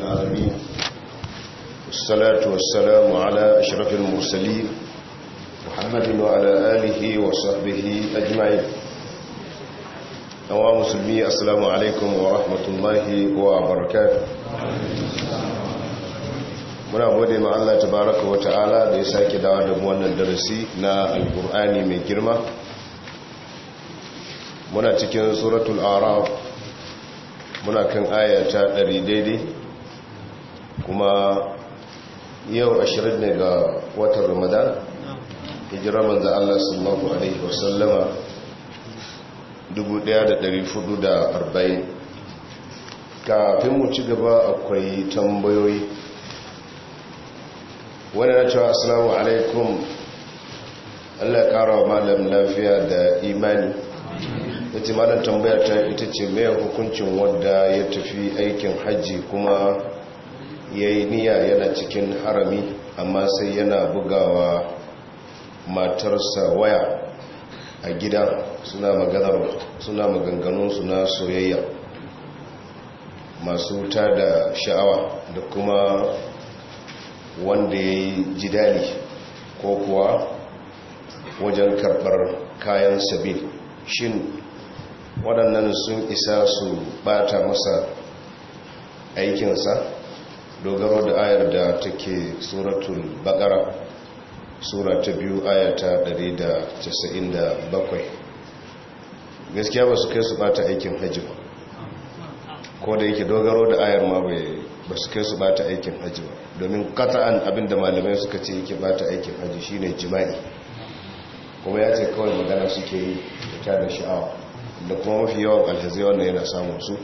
العالمين والصلاة والسلام على أشرف المرسلين محمد وعلى آله وصحبه أجمعين السلام عليكم ورحمة الله وبركاته muna gode ma Allah tabaraka wa ta'ala da ya sake dawo da wannan darasi na alkur'ani mai girma muna cikin suratul araf muna kan aya ta 100 daidai kuma yau ashirin ne ga watan ramadan hijirar manzan allah sallallahu alaihi wasallama 1440 kafin mu ci gaba akwai tambayoyi wani na cewa asalamu alaikum allah kara wa malam lafiya da imani ya tambayar ta ita ce mai hukuncin wadda ya tafi aikin hajji kuma ya yi niya yana cikin harami amma sai yana bugawa matarsa waya a gida suna maganganunsu na soyayya masu wuta da sha'awa da kuma wanda ya yi jidali ko kuwa wajen karɓar kayan sabin. shin waɗannan sun isa su ɓata masa aikinsa dogaro da ayar da take suratun bakara sura ta biyu ayata 197 gaskiya ba su kai su bata aikin haji ba ko da yake dogaro da ayar ma ba su kai su bata aikin hajji ba domin kata'an abinda malamai suka ce yake bata aikin hajji shine jima'i kuma ya ce kawai magana suke yi da ta da sha'awa da kuma mafi yawan alhazai wannan yana samun su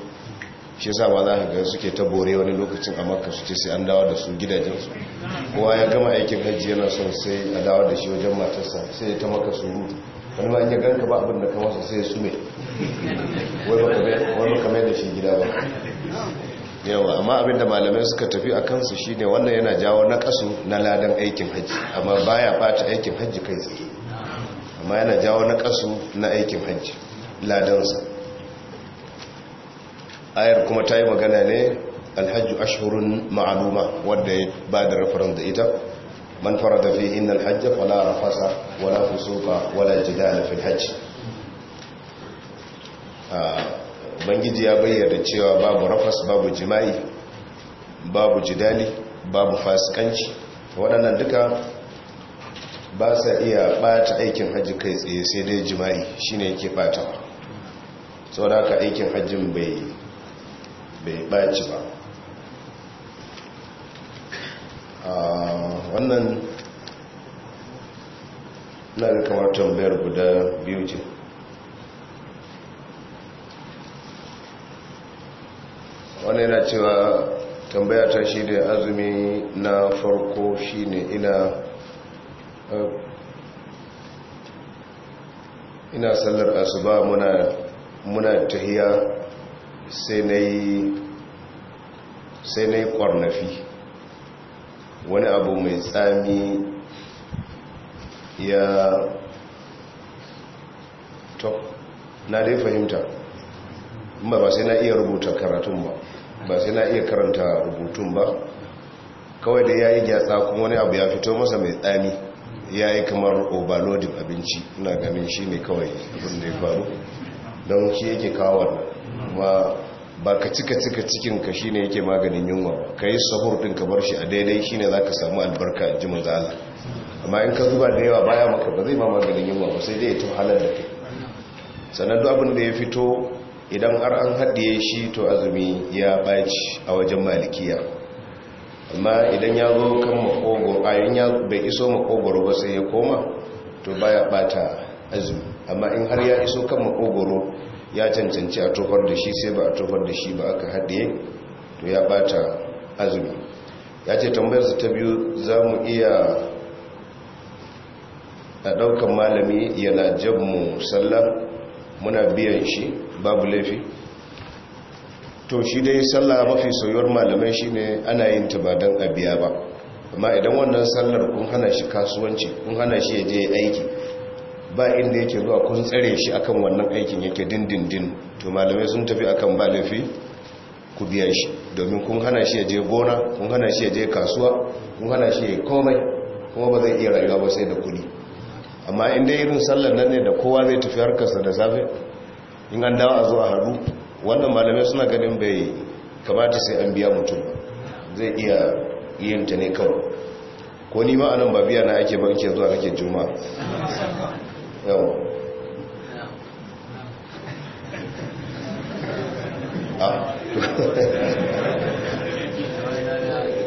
shi sa ba za ka ga suke ta bore wani lokacin a makka su ce sai an dawo da su gidajensu kowa ya gama aikin hajji yana son sai a dawo da shi wajen matarsa sai ta maka surutu wani ma in ya ka ba abin da ka masa sai su mai wai baka mai da shi gida ba yawa amma abin da malamai suka tafi a kansu shine wannan yana jawo na kasu na ladan aikin hajji amma baya bata aikin hajji kai tsaye amma yana jawo na kasu na aikin hajji ladansa ayar kuma ta yi magana ne alhajju ashirin ma'aluma wadda ya ba da reference da ita man da fi inna alhajja fala rafasa wala fusuka wala jidala fil hajji. bangiji ya bayyana cewa babu rafas babu jima'i babu jidali babu fasikanci waɗannan duka ba sa iya ɓata aikin hajji kai tsaye sai dai jima'i shine yake ɓatawa da aka aikin hajjin bai bai ɓaci ba wannan na da kamar tambayar guda biyu ce wani yana cewa tambaya ta shi da azumi na farko shi ne ina ina sallar asuba muna muna tahiya sai na yi kwarnafi wani abu mai tsami ya to na dai fahimta ba ba sai na iya rubuta karatun ba ba sai na iya karanta rubutun ba kawai da ya yi gyatsa kuma wani abu ya fito masa mai tsami ya yi kamar overloading abinci na gamin shi ne kawai abin da ya faru don shi yake kawo wannan ba ba ka cika cika cikin ka ne yake maganin yunwa ka yi sahur ɗin ka bar shi a daidai shi ne za ka samu albarka a jimin zala amma in ka zuba da yawa baya maka ba zai ma maganin yunwa ba sai dai ya tun halar da kai sannan duk abin da ya fito idan har an haɗiye shi to azumi ya ɓaci a wajen malikiya amma idan ya zo kan makogoro ayin ya bai iso makogoro ba sai ya koma to baya bata azumi amma in har ya iso kan makogoro ya cancanci a tofar da shi sai ba a tofar da shi ba aka haɗe to ya bata azumi ya ce tambayarsa ta biyu za mu iya a ɗaukan malami yana jan mu sallah muna biyan shi babu laifi to shi dai sallah mafi soyuwar malamai shi ne ana yin ta ba don a biya ba amma idan wannan sallar kun hana shi kasuwanci kun hana shi ya je aiki ba inda yake zuwa kun tsare shi akan wannan aikin yake dindindin to malamai sun tafi akan ba laifi ku biya shi domin kun hana shi ya je gona kun hana shi ya je kasuwa kun hana shi ya komai kuma ba zai iya rayuwa ba sai da kudi amma inda irin sallar nan ne da kowa zai tafi harkarsa da safe in an dawo a zuwa haɗu wannan malamai suna ganin bai kamata sai an biya mutum zai iya yin ta ne kawai ko ni ma'anan ba biya na ake banke zuwa kake juma'a A? Ah.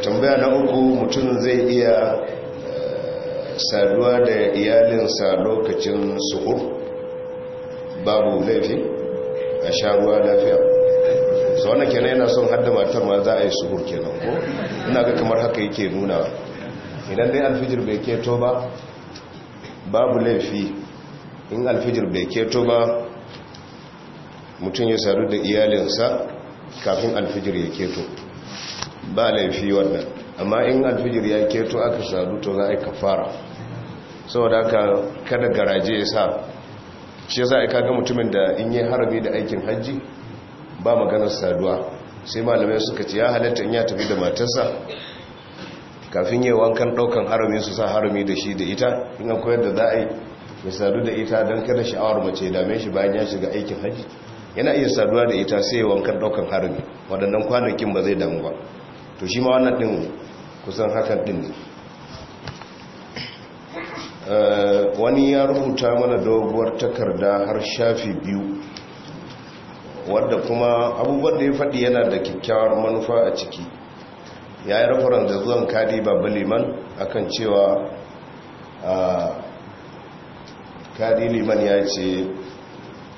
tambaya na uku mutum zai iya eh, saduwa da iyalinsa lokacin suhur babu laifi a sha lafiya su wani kena yana son hada matar ma za a yi suhur kenan ko ina ga kamar haka yake nuna idan dai alfijir bai keto ba babu laifi in alfijir bai keto ba mutum ya sadu da iyalinsa kafin alfijir ya keto ba laifi wannan amma in alfijir ya keto aka sadu to za a yi kafara saboda aka kada garaje ya sa shi ya za a kaga mutumin da in yi harami da aikin hajji ba maganar saduwa sai malamai suka ce ya halatta in ya tafi da matarsa kafin yi wankan daukan harami su sa harami da shi da ita ina koyar da za a yi ya sadu da ita don kada sha'awar mace dame shi bayan ya shiga aikin hajji yana iya saduwa da ita sai wankan daukan harin waɗannan kwanakin ba zai damu ba to shi ma wannan ɗin kusan hakan ɗin ne eh, wani ya rubuta mana doguwar takarda har shafi biyu wadda kuma abubuwan da ya faɗi yana da kyakkyawar manufa a ciki ya yi rafaran da zuwan kadi babaliman akan cewa ah, kari liman ya ce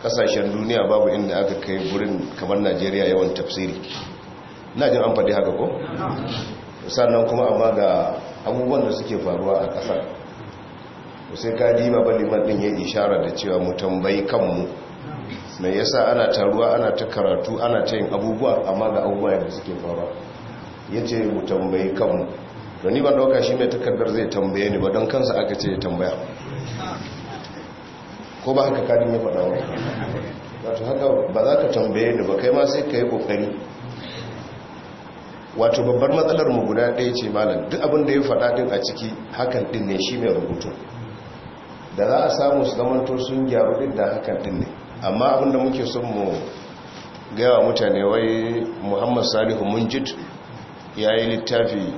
kasashen duniya babu inda aka kai gurin kamar najeriya yawan tafsiri na jin an faɗi haka ko sannan kuma amma ga abubuwan da suke faruwa a ƙasar sai kadi ba liman ɗin ya ishara da cewa mu tambayi kanmu mai yasa ana taruwa ana ta karatu ana ta yin abubuwa amma ga abubuwa da suke faruwa ya ce mu tambayi kanmu don ni ba ɗauka shi mai takardar zai tambaye ni ba don kansa aka ce ya tambaya ko ba haka kadin ya faɗa wani wato haka ba za ka tambaye ni ba kai ma sai ka yi ƙoƙari wato babbar matsalar mu guda ɗaya ce malam duk abin da ya faɗa din a ciki hakan din ne shi mai rubutu da za a samu su to sun gyaru ɗin da hakan din ne amma abin da muke son mu gaya mutane wai muhammad salihu munjid ya yi littafi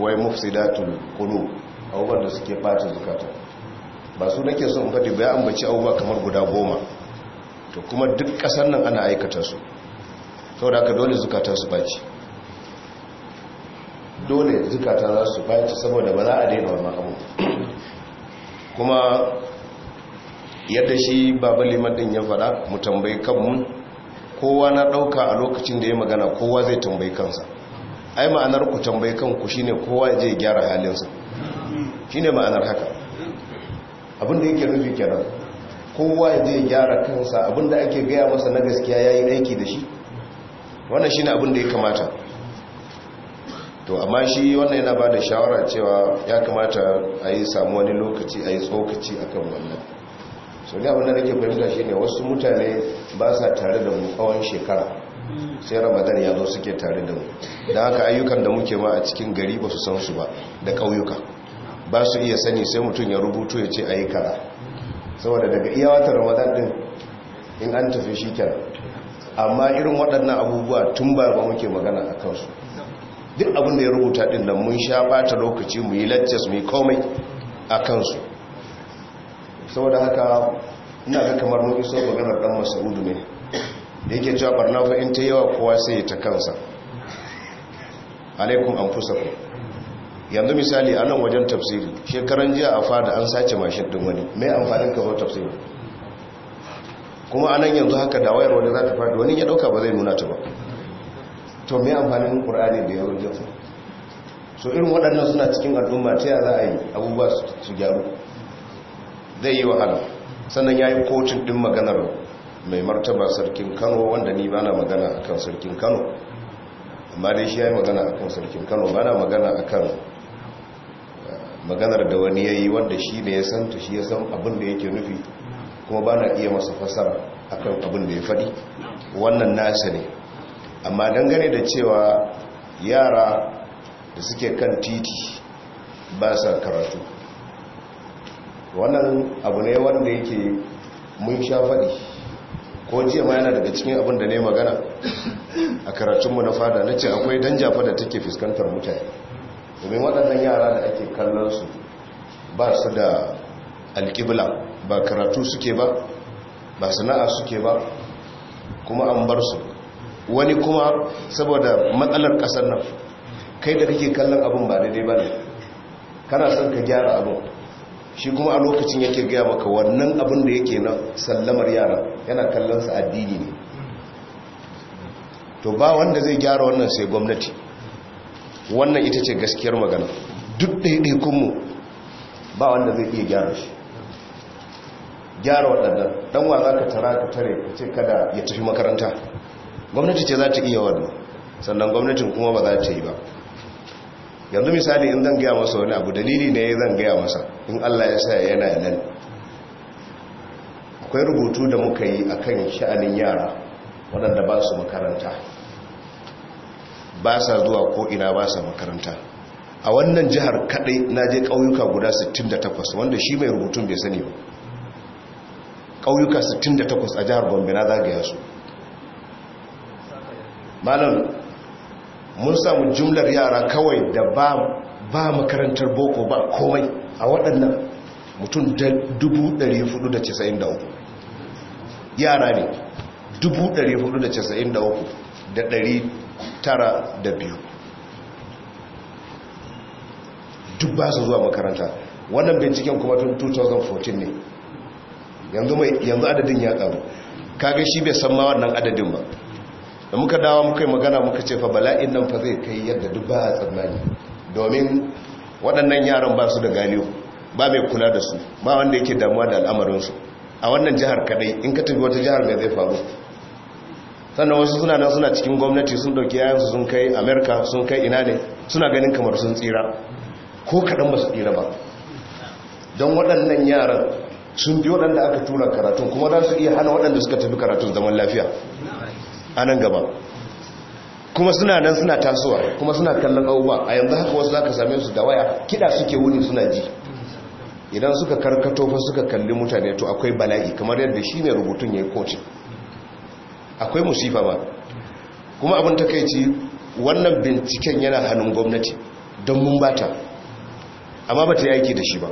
wai mufsidatul kulu abubuwan da suke bata zukata ba su nake son faɗi ba ya ambaci abubuwa kamar guda goma to kuma duk ƙasar nan ana aikata su da aka dole zukata su baci dole zukata za su baci saboda ba za a daina wannan abu kuma yadda shi babu liman din ya fada mu tambayi kanmu kowa na dauka a lokacin da ya magana kowa zai tambayi kansa ai ma'anar ku tambayi kanku shine kowa ya je gyara halinsa shine ma'anar haka abinda yake nufi kenan kowa ya zai gyara kansa abinda ake gaya masa na gaskiya ya yi aiki da shi wannan shi abinda ya kamata to amma shi wannan yana ba da shawara cewa ya kamata a yi samu wani lokaci a yi tsokaci a kan wannan so ne abinda nake fahimta shi ne wasu mutane ba sa tare da mu tsawon shekara sai ramadan ya zo suke tare da mu da haka ayyukan da muke ma a cikin gari ba su san su ba da ƙauyuka ba su iya sani sai mutum ya rubutu ya ce a yi kara saboda daga iya wata ramadan din in an tafi shi kyar amma irin waɗannan abubuwa tun ba ba muke magana a kansu duk abin da ya rubuta din nan mun sha bata lokaci mu yi lectures mu yi komai a kansu saboda haka ina ga kamar mun iso maganar dan masaudu ne da yake cewa barna fa in ta yawa kowa sai ta kansa alaikum anfusakum yanzu misali a nan wajen tafsiri shekaran jiya a fada an sace mashin ɗin wani mai amfanin ka zo tafsiri kuma a nan yanzu haka da wayar wani za ta fada wani ya dauka ba zai nuna ta ba to mai amfanin ƙur'ani da yawon jinsu so irin waɗannan suna cikin al'umma ta yaya za a yi abubuwa su gyaru zai yi wahala sannan ya yi kotun ɗin maganar mai martaba sarkin kano wanda ni ba na magana akan sarkin kano amma dai shi ya yi magana akan sarkin kano ba na magana akan maganar da wani yayi wanda shi ne ya san shi ya san abin da yake nufi kuma ba na iya masa fasara akan abin da ya faɗi wannan nasa ne amma dangane da cewa yara da suke kan titi ba sa karatu wannan abu ne wanda yake mun sha faɗi ko jiya ma yana daga cikin abin da ne magana a karatunmu na fada na ce akwai danja fada take fuskantar mutane domin waɗannan yara da ake kallon su ba su da alƙibla ba karatu suke ba ba sana'a suke ba kuma an bar su wani kuma saboda matsalar ƙasar nan kai da kake kallon abin ba daidai ba ne kana son ka gyara abin shi kuma a lokacin yake gaya maka wannan abin da yake na sallamar yara yana kallon kallonsa addini ne to ba wanda zai gyara wannan sai gwamnati wannan ita ce gaskiyar magana duk ɗaiɗaikunmu ba wanda zai iya gyara shi gyara waɗannan ɗan wa za ka tara ka tare ka ce kada ya tafi makaranta gwamnati ce za ta iya wannan sannan gwamnatin kuma ba za ta yi ba yanzu misali in zan gaya masa wani abu dalili ne zan gaya masa in allah ya sa yana nan akwai rubutu da muka yi akan sha'anin yara waɗanda ba su makaranta ba sa zuwa ko ina ba sa makaranta a wannan jihar kadai na je ƙauyuka guda 68 wanda shi mai rubutun bai sani ba ƙauyuka 68 a jihar gombe na zagaya su malam mun samu jumlar yara kawai da ba makarantar boko ba komai a waɗannan mutum 493 yara ne 493 da tara da biyu duk ba su zuwa makaranta wannan binciken kuma tun 2014 ne yanzu adadin ya karu kaga shi bai san ma wannan adadin ba da muka dawa muka yi magana muka ce fa bala'in nan fa zai kai yadda duk ba a tsammani domin waɗannan yaran ba su da galiyo ba mai kula da su ba wanda yake damuwa da al'amarinsu a wannan jihar kadai in ka tafi wata jihar mai zai faru sannan wasu suna nan suna cikin gwamnati sun dauki yayansu sun kai amerika sun kai ina ne suna ganin kamar sun tsira ko kadan ba su tsira ba don waɗannan yaran sun bi waɗanda aka tura karatun kuma za su iya hana waɗanda suka tafi karatun zaman lafiya a nan gaba kuma suna nan suna tasowa kuma suna kallon abubuwa a yanzu haka wasu za ka same su da waya kiɗa suke wuni suna ji idan suka karkato fa suka kalli mutane to akwai bala'i kamar yadda shi ne rubutun ya yi kocin akwai musifa ba kuma abin ci wannan binciken yana hannun gwamnati don mun bata amma ba ta yaki da shi ba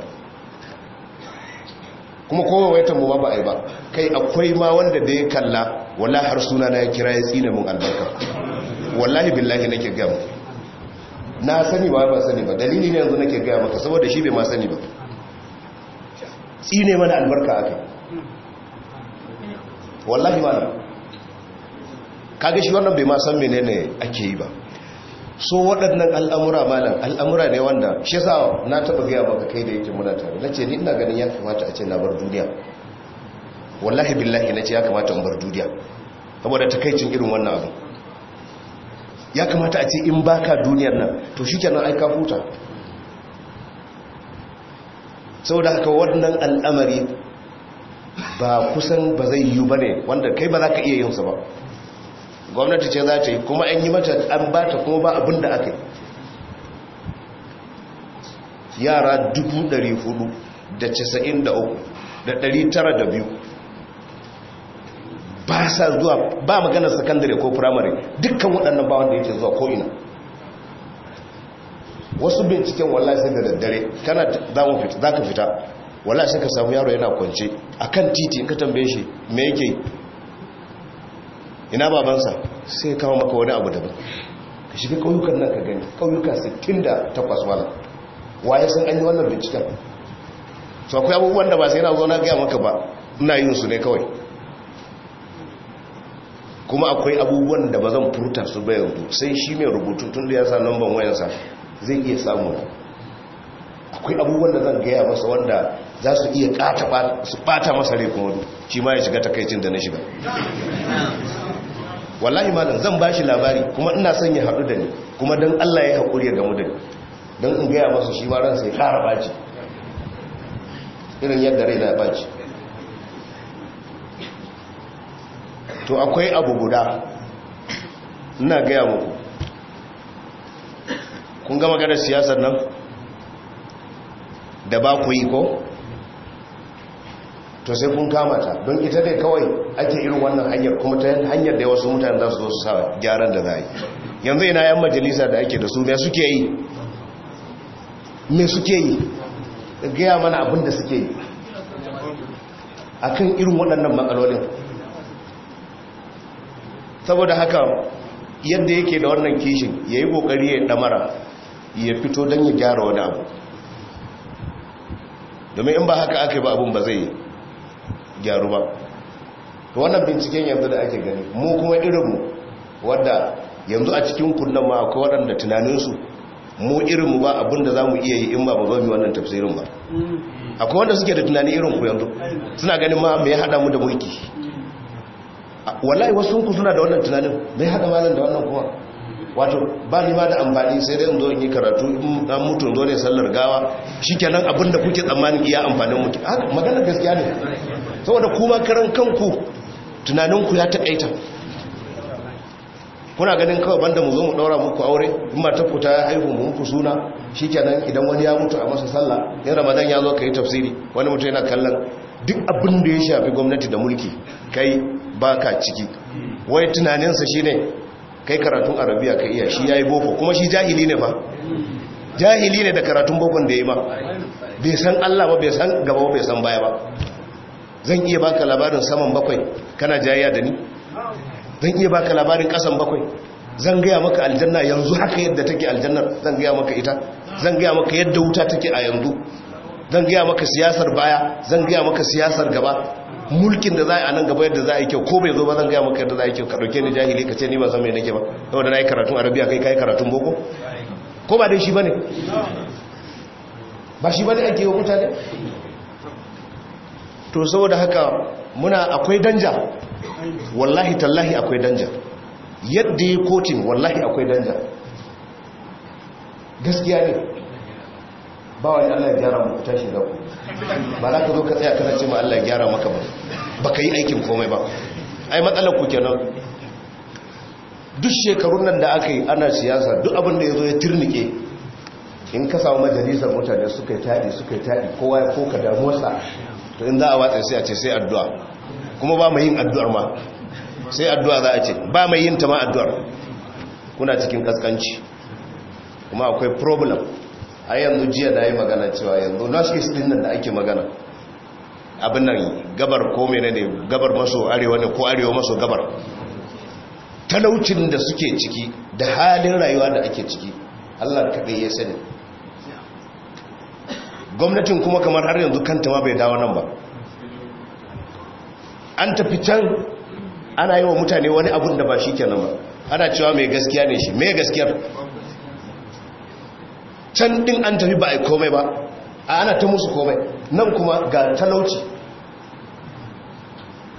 kuma kowa wata mu ba ba yi ba kai akwai ma wanda da ya kalla wala har suna na ya kira ya tsina mun albarka wallahi billahi nake gama na sani ba ba sani ba dalili ne yanzu nake ga maka saboda shi bai ma sani ba tsine mana albarka akai wallahi malam kaga shi wannan bai ma san menene ake yi ba so waɗannan al'amura malam al'amura ne wanda shi yasa na taɓa gaya maka kai da yake muna tare na ce ni ina ganin ya kamata a ce na bar duniya wallahi billahi na ya kamata in bar duniya saboda takaicin irin wannan abu ya kamata a ce in baka duniyar nan to shi kenan ai ka huta saboda haka wannan al'amari ba kusan ba zai yiwu ba ne wanda kai ba za ka iya yinsa ba gwamnati ce za ta yi kuma an yi mata an ba ta kuma ba abin da aka yi yara 493,902 ba sa zuwa ba maganar sakandare ko firamare dukkan waɗannan ba wanda yake zuwa ko'ina wasu binciken wallahi sai da daddare kana za ka fita wallahi sai ka samu yaro yana kwance a kan titi in ka tambaye shi me yake ina babansa sai kawo maka wani abu daban ka shiga ƙauyukan nan ka gani da 68 wala waye sun an yi wannan binciken To akwai abubuwan da ba sai na zo na gaya maka ba ina yin su ne kawai kuma akwai abubuwan da ba zan furta su ba yanzu sai shi mai rubutu tun da ya sa lambar wayansa zai iya samu akwai abubuwan da zan gaya masa wanda za su iya su bata masa rai kuma shi ma ya shiga takaicin da na shiga wallahi malam zan bashi labari kuma ina son ya haɗu da ni kuma don Allah ya haƙuri ya gamu da ni don in gaya masa shi ma ran ya ƙara baci irin yadda rai na baci to akwai abu guda ina gaya muku kun gama gada siyasar nan da ba ku yi ko to sai kun kama ta don ita ne kawai ake irin wannan hanyar kuma ta hanyar da wasu mutane za su zo su sa gyaran da za yi yanzu ina yan majalisa da ake da su me suke yi me suke yi gaya mana abin da suke yi akan irin waɗannan matsalolin saboda haka yadda yake da wannan kishin ya yi ƙoƙari ya ɗamara ya fito don ya gyara wani abu domin in ba haka aka yi ba abin ba zai yi gyaru ba wannan binciken yanzu da ake gani mu kuma irinmu wadda yanzu a cikin kullum ma akwai waɗanda tunaninsu mu irinmu ba abin da za mu iya yi in ba ba zo mu wannan tafsirin ba akwai wanda suke da tunanin irin ku yanzu suna ganin ma mai hada mu da mulki wallahi wasu ku suna da wannan tunanin mai hada malam da wannan kuma wato ba ni ma da amfani sai dai in zo in yi karatu in dan mutu zo ne sallar gawa shikenan abin da kuke tsammanin iya amfanin haka magana gaskiya ne saboda kuma karan kanku tunaninku ya taƙaita kuna ganin kawai banda mu zo mu ɗaura muku aure in ma ta haihu mu muku suna shi kenan idan wani ya mutu a masa sallah in ramadan ya zo ka yi tafsiri wani mutu yana kallon duk abin da ya shafi gwamnati da mulki kai ba ka ciki wai tunaninsa shine kai karatun arabiya ka iya shi ya yi boko kuma shi jahili ne ba jahili ne da karatun bokon da ya yi ba bai san Allah ba bai san gaba ba bai san baya ba zan iya baka labarin saman bakwai kana jayya da ni zan iya baka labarin kasan bakwai zan gaya maka aljanna yanzu haka yadda take aljannar zan gaya maka ita zan gaya maka yadda wuta take a yanzu zan gaya maka siyasar baya zan gaya maka siyasar gaba mulkin da za a nan gaba yadda za a yi kyau ko bai zo ba zan gaya maka yadda za a yi kyau ka ɗauke ni jahili ka ce ni ba san mai nake ba saboda na yi karatun arabiya kai kai karatun boko ko ba dai shi ba ne ba shi ba ne ake yi wa mutane to saboda haka muna akwai danja wallahi tallahi akwai danja yadda ya kotin wallahi akwai danja gaskiya ne ba wani allah ya gyara mu tashi da ku ba za ka zo ka tsaya kasance ma allah ya gyara maka ba ba ka yi aikin komai ba ai matsalar ku kenan duk shekarun nan da aka yi ana siyasa duk abin da ya zo ya tirnike in ka samu majalisar mutane suka yi taɗi suka yi taɗi kowa ya koka damuwarsa to in za a watsa sai a ce sai addu'a kuma ba mai yin addu'ar ma sai addu'a za a ce ba mai yin ta ma addu'ar kuna cikin kaskanci kuma akwai problem a yanzu jiya da yi magana cewa yanzu northeast din nan da ake magana abin nan gabar ko mene ne gabar maso arewa ne ko arewa maso gabar talaucin da suke ciki da halin rayuwa da ake ciki allah kaɗai ya sani gwamnatin kuma kamar har yanzu kanta ma bai dawo nan ba an tafi can ana yi wa mutane wani abun da ba shi kenan ba ana cewa mai gaskiya ne shi mai gaskiyar can din an tafi ba a komai ba a ana ta musu komai nan kuma ga talauci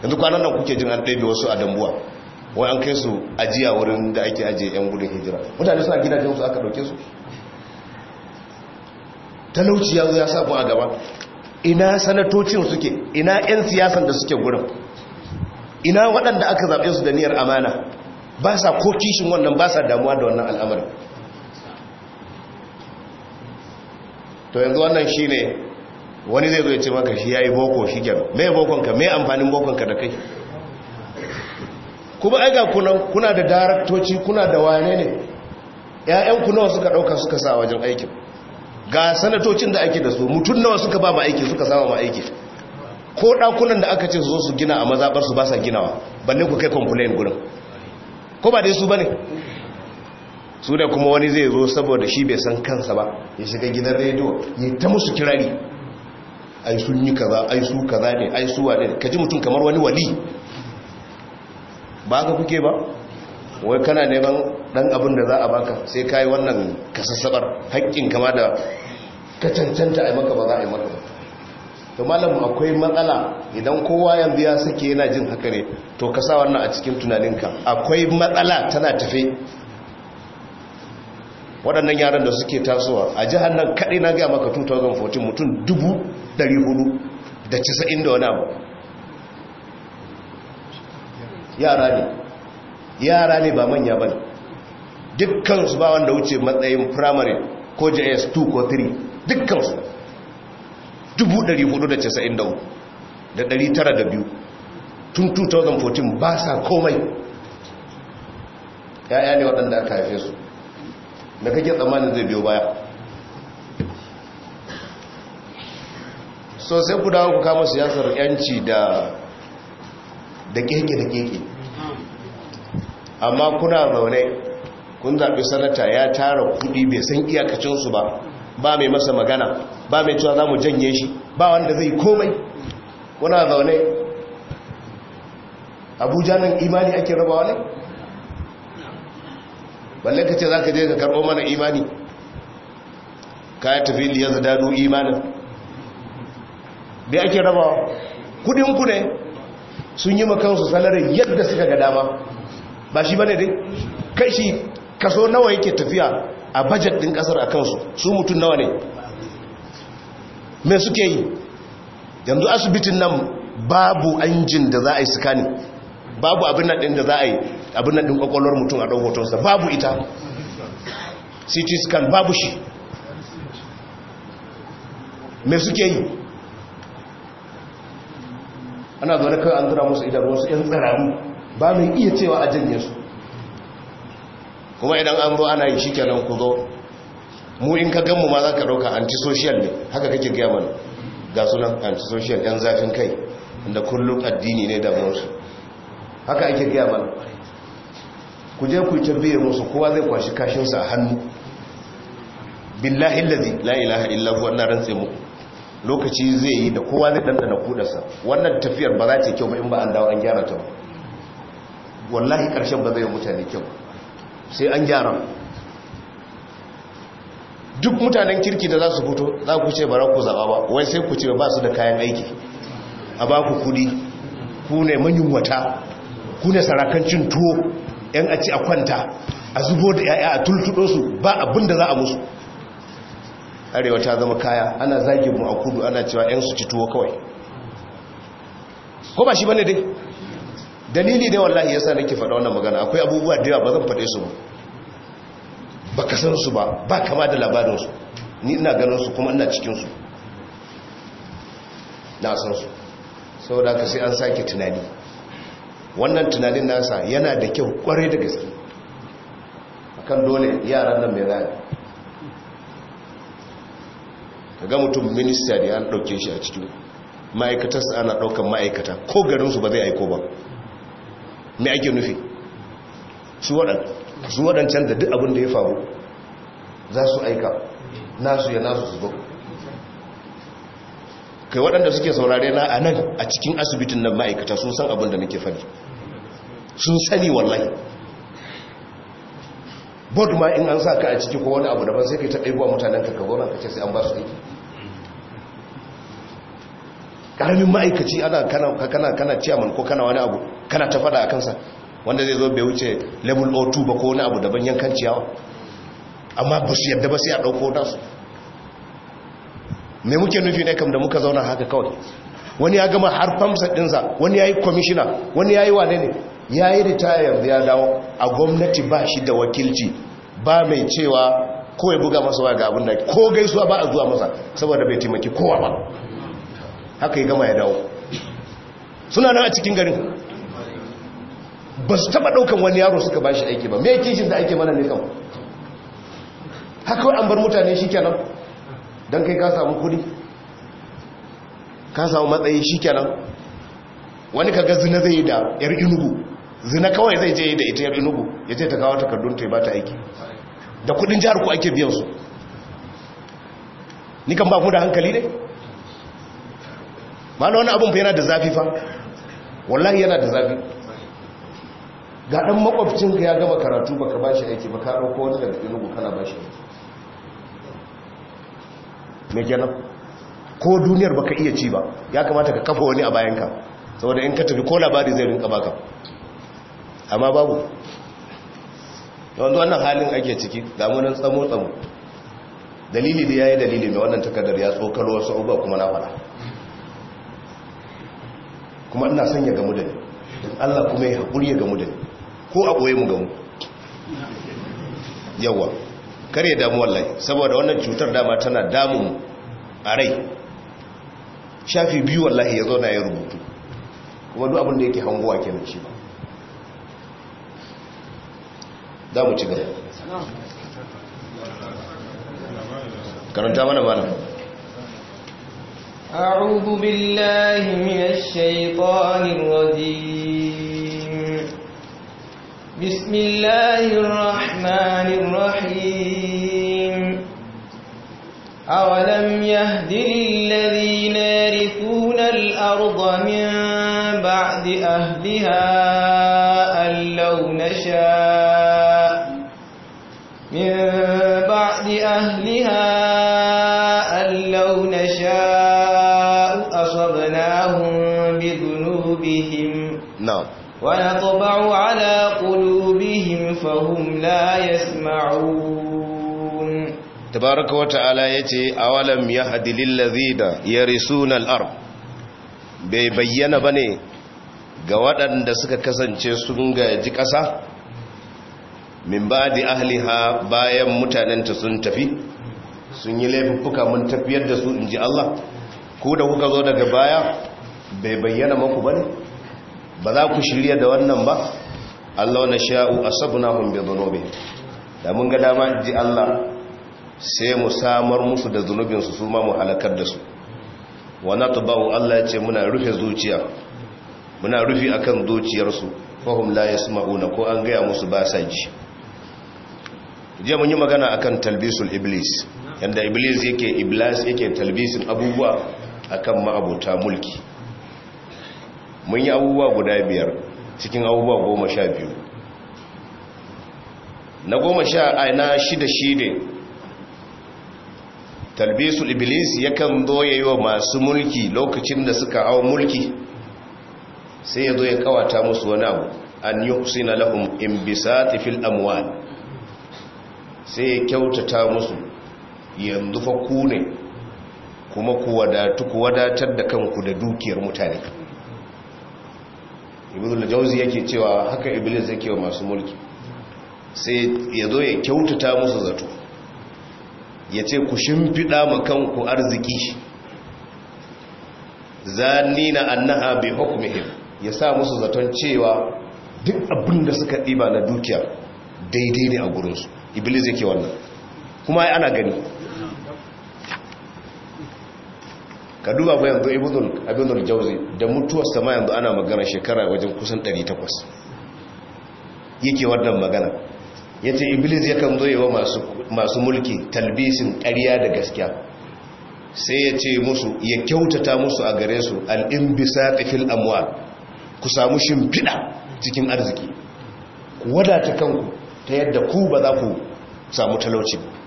yanzu kwanan nan kuke jin an ɗaibe wasu a dambuwa wai an kai su ajiya wurin da ake ajiye 'yan gudun hijira mutane suna gidajen su aka ɗauke su talauci ya zo ya saku a gaba ina sanatocin suke ina 'yan siyasan da suke gurin ina waɗanda aka zaɓe su da niyyar amana ba sa ko kishin wannan ba sa damuwa da wannan al'amarin to yanzu wannan shi ne wani zai zo ce maka shi ya yi boko shi gyara mai bokonka mai amfanin bokonka da kai kuma aiga kuna da daraktoci kuna da wane ne 'ya'yanku nawa suka ɗauka suka sa wajen aikin ga sanatocin da ake da su mutum nawa suka ba ma'aiki suka sama ma'aiki ko ɗakunan da aka ce su zo su gina a mazaɓar su ba sa ginawa banne ku kai complain gudun ko ba dai su ba ne su da kuma wani zai zo saboda shi bai san kansa ba ya shiga gidan rediyo ya ta musu kirari ai sun yi kaza ai su kaza ne ai su wane ka ji mutum kamar wani wali ba ka kuke ba wai kana neman dan abin da za a baka sai kai wannan kasassabar haƙƙin kama da ka cancanta a maka ba za a yi maka ba. to malam akwai matsala idan kowa yanzu ya sake yana jin haka ne to ka sa wannan a cikin tunaninka akwai matsala tana tafe waɗannan yaran da suke tasowa a jihar nan kaɗai na gaya maka 2014 mutum 490 da wani abu yara ne yara ne ba manya ba ne dukkansu ba wanda wuce matsayin primary ko js 2 ko 3 dukkansu 493 da 902 tun 2014 ba sa komai ya'ya ne waɗanda aka haife su da kake tsammanin zai biyo baya so sai ku dawo ku kama siyasar yanci da da keke da keke hmm. amma kuna zaune kun zaɓi sanata ya tara kuɗi bai san iyakacinsu ba ba mai masa magana ba mai cewa za mu janye shi ba wanda zai komai kuna zaune abuja nan imani ake rabawa ne balle ka ce za ka je ka karɓo mana imani ka yi tafi liya zadadu imanin bai ake rabawa Kuɗinku ne sun yi makansu salarin yadda suka ga dama ba shi ba ne dai shi. kaso nawa yake tafiya a budget din kasar a kansu su mutum nawa ne me suke yi yanzu asibitin nan babu anjin da za a yi sikani babu abin na din da za a yi abin na din kwakwalwar mutum a ɗau hotonsa babu ita ct scan babu shi me suke yi ana zaune kan an zura musu idan wasu 'yan tsaramu ba mai iya cewa a janye su kuma idan an zo ana yi shi kenan ku zo mu in ka ganmu ma za ka ɗauka anti-social ne haka kake gaya mana ga sunan anti-social ɗan zafin kai inda kullum addini ne damuwarsu haka ake gaya mana ku je ku tarbiyyar musu kowa zai kwashi kashinsa a hannu billahi lazi la ilaha illahu wannan rantse muku lokaci zai yi da kowa zai dandana kudarsa wannan tafiyar ba za ta yi kyau ba in ba an dawo an gyara ta ba wallahi karshen ba zai mutane kyau sai an gyara duk mutanen kirki da za su fito za ku ce bara ku zaba ba wai sai ku ce ba su da kayan aiki a ba ku kudi ku ne manyan wata, ku ne sarakancin tuwo yan a ci a kwanta a zubo da yaya a tultudo su ba abin da za a musu arewa ta zama kaya ana zagin mu a kudu ana cewa yan su ci tuwo kawai ko ba shi bane dai dalili ne wallahi yasa nake faɗa wannan magana akwai abubuwa da yawa ba zan faɗe su ba ba ka san su ba ba kama da labarin su ni ina ganin su kuma ina cikin su na san su saboda ka sai an sake tunani wannan tunanin nasa yana da kyau kwarai da gaske akan dole yaran nan mai rayu ka ga mutum minista da ya ɗauke shi a cikin ma'aikatar su ana ɗaukan ma'aikata ko garinsu ba zai aiko ba Mai ake nufi su waɗancan da duk abin da ya faru za su aika nasu ya nasu su zo kai waɗanda suke saurare na a nan a cikin asibitin nan ma'aikata sun san abin da nake fari sun sani wallahi bod ma in an sa ka a ciki ko wani abu daban sai kai ta ɗaibuwa mutanen ka ka ce sai an ba su aiki karamin ma'aikaci ana kana kana kana chairman ko kana wani abu kana ta fada a kansa wanda zai zo bai wuce level o2 ba ko wani abu daban yankan ciyawa amma ba su yadda ba sai a ɗauko su. me muke nufi ne kam da muka zauna haka kawai wani ya gama har famsa ɗinsa wani ya yi kwamishina wani ya yi wane ne ya yi ritaya yanzu ya dawo a gwamnati ba shi da wakilci ba mai cewa ko ya buga masa wa ga abin da ko gaisuwa ba a zuwa masa saboda bai taimaki kowa ba haka ya gama ya dawo suna nan a cikin garin ba su taba daukan wani yaro suka ba shi aiki ba mai kishin da ake mana ne kan haka an bar mutane shi kenan don kai ka samu kudi ka samu matsayi shi kenan wani kaga zina zai yi da yar inugu zina kawai zai je da ita yar inugu ya ce ta kawo takardun ta ba ta aiki da kudin jihar ku ake biyan su ni kan ba ku da hankali ne mana wani abin fa yana da zafi fa wallahi yana da zafi ga dan ka ya gama karatu baka ba shi aiki baka dauko wani daga inugu kana ba shi aiki me kenan ko duniyar baka iya ci ba ya kamata ka kafa wani a bayan ka saboda in ka tafi ko labari zai rinka baka amma babu yanzu wannan halin ake ciki damunan tsamo-tsamo dalili da ya yi dalili mai wannan takardar ya tsokalo wasu uba kuma na fara kuma ina son ya gamu da ni Allah kuma ya haƙuri ya gamu da ni ko a ɓoye mu gamu yawa kar ya damu wallahi saboda wannan cutar dama tana damun a rai shafi biyu wallahi ya zauna ya rubutu kuma duk abin da yake hanguwa kenan shi ba damu mu ci gaba karanta mana mana أعوذ بالله من الشيطان الرجيم بسم الله الرحمن الرحيم أولم يهد الذين يرثون الأرض من بعد أهلها أن لو نشاء من بعد أهلها na'am wa yatba'u ala qulubihim fahum la yasma'un tabaraka wa ta'ala yace awalam yahdi lil yarisuna al-ard bai bayyana ne ga waɗanda suka kasance sun gaji ƙasa min ba'di ahliha bayan mutanenta sun tafi sun yi laifuffuka mun tafiyar da su inji Allah Ku da kuka zo daga baya bai bayyana maku bane ba za ku shirya da wannan ba Allah na sha'u asabnahum bi dhunubi da mun ga dama ji Allah sai mu samar musu da zunubin su ma mu halakar da su wa natba'u Allah ce muna rufe zuciya muna rufe a kan zuciyarsu laye su ma'una ko an gaya musu ba sa ji je mun yi magana a kan talbisul iblis Yadda iblis yake iblis yake talbisin abubuwa a kan ma'abuta mulki mun yi abubuwa guda biyar cikin abubuwa goma sha biyu na goma sha aina shida shida Talbisu iblis yakan zo ya yi wa masu mulki lokacin da suka hau mulki sai ya zo ya kawata musu wani abu an yi kusina lahum in bisa tafil amwal sai ya kyautata musu yanzu fa ku ne kuma ku ku wadatar da kanku da dukiyar mutane ibn al-jawzi yake cewa haka iblis yake wa masu mulki sai ya zo ya kyautata musu zato ya ce ku shimfiɗa ma kanku arziki zani na annaha bi hukumihim ya sa musu zaton cewa duk abin da suka ɗiba na dukiya daidai ne a gurinsu iblis yake wannan kuma ana gani ka duba ba yanzu ibnul abinul jauzi da mutuwar sama yanzu ana magana shekara wajen kusan 800 yake wannan magana yace iblis yakan zo yawa masu masu mulki talbisin ƙarya da gaskiya sai ya ce musu ya kyautata musu a gare su al-inbisat fil amwal ku samu shimfiɗa cikin arziki ku wadata kanku ta yadda ku ba za ku samu talauci ba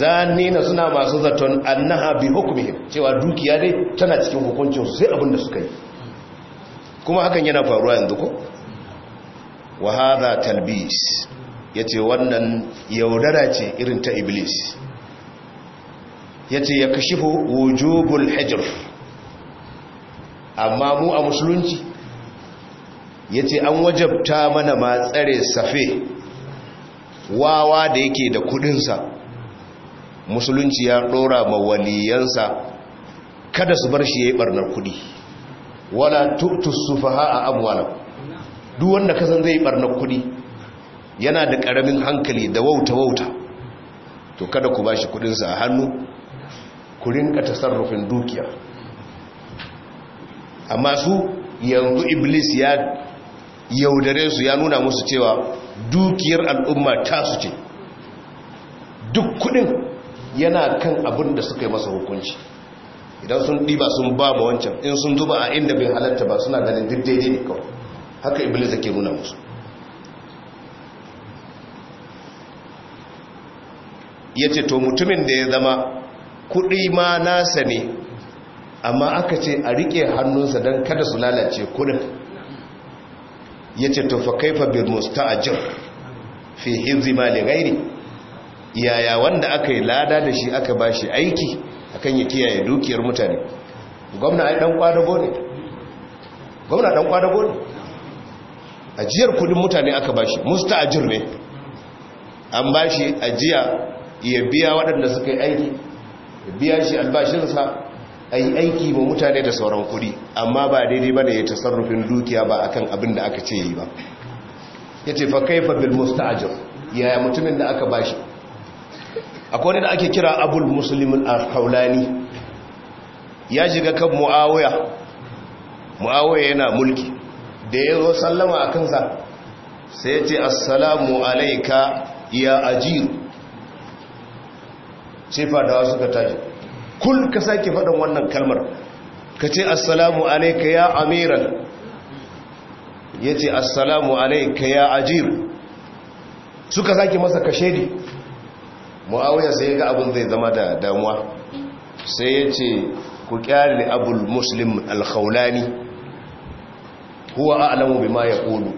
na suna masu zaton annaha bi hukumi cewa dukiya dai tana cikin hukuncin sai abin da suka yi kuma hakan yana faruwa yanzu ko wa hadha talbis yace wannan yaudara ce irin ta iblis yace ya kashifu wujubul hijr amma mu a musulunci yace an wajabta mana ma safe wawa da yake da kudinsa musulunci ya dora ma waliyansa kada su bar shi ya yi barnar kudi wala tu'tus a amwalakum duk wanda kasan zai barnar kudi yana da karamin hankali da wauta wauta to kada ku bashi kuɗinsa a hannu ku rinka tasarrufin dukiya amma su yanzu iblis ya yaudare su ya nuna musu cewa dukiyar al'umma ta su ce duk kudin yana kan abin da suka yi masa hukunci idan sun ɗiba sun ba ma wancan in sun zuba a inda bin halatta ba suna ganin duk daidai ne kawai haka iblis zake nuna musu ya ce to mutumin da ya zama kuɗi ma nasa ne amma aka ce a riƙe hannunsa don kada su lalace kuɗin ya ce to fa kaifa bil musta'ajir fi hizima mali ghairi yaya wanda aka yi lada da shi aka ba shi aiki akan ya kiyaye dukiyar mutane gwamna ai dan kwadago ne gwamna dan kwadago ne ajiyar kudin mutane aka ba shi musta'ajir ne an ba shi ajiya ya biya waɗanda suka yi aiki ya biya shi albashinsa a yi aiki ma mutane da sauran kudi amma ba daidai ba da ya tasarrufin dukiya ba akan abin da aka ce yi ba ya ce fa kaifa bil musta'ajir yaya mutumin da aka ba shi akwai da ake kira abul musulmin al-haulani ya shiga kan mu'awuya mu'awuya yana mulki da ya zo sallama a kansa sai ce assalamu alaika ya ajiru sai fadawa suka taji kul ka sake faɗin wannan kalmar ka ce assalamu alaika ya amiran ya ce assalamu alaika ya ajiyu suka sake masa kashedi mu'awiyar sai ga abin zai zama da damuwa sai ya ce ku kyale abul muslim alkhaulani huwa a'lamu kolo